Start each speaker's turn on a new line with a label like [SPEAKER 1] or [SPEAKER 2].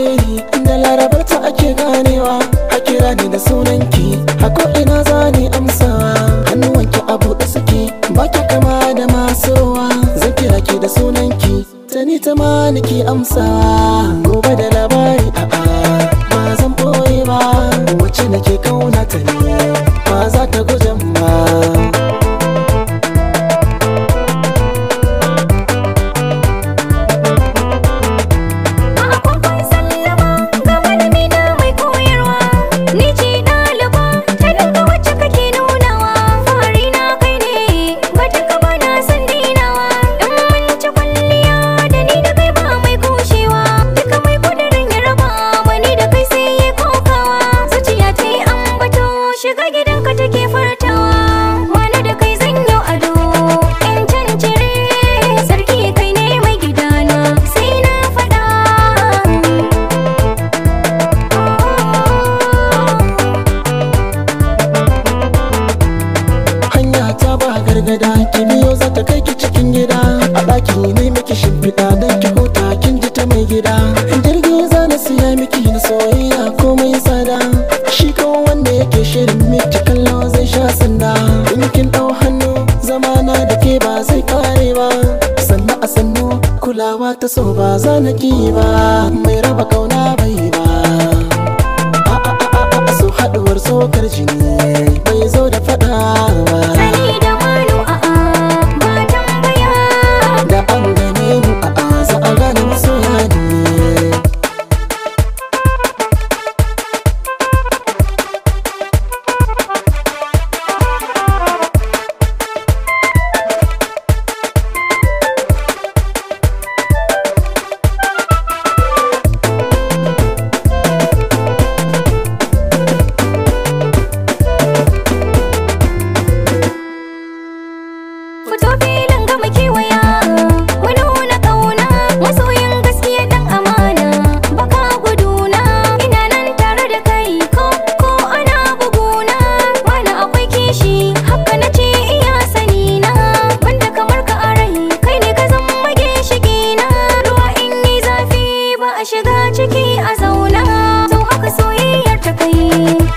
[SPEAKER 1] gare eh, inda da ta ake ganewa a kira ni da sunanki hako ina za ni amsawa hannuwanki a buɗe suke ba ki kama da masowa zan kira ki da sunanki ta ni ta ma amsawa gobe da labari a ba zan boye ba wacce nake kauna ta ne ba za ta ka kai ki cikin gida a ɗaki ne miki shimfiɗa don ki huta kin ji ta mai gida jirgi za na siya miki na soyayya ko mai tsada shi kawai wanda yake shirin miki kallo zai sha sanda in kin ɗau hannu zama na da ke ba zai kare ba sannu a sannu kulawa ta so ba za na ki ba mai raba kauna bai
[SPEAKER 2] Ki a zauna zau haka soyayyar ta kai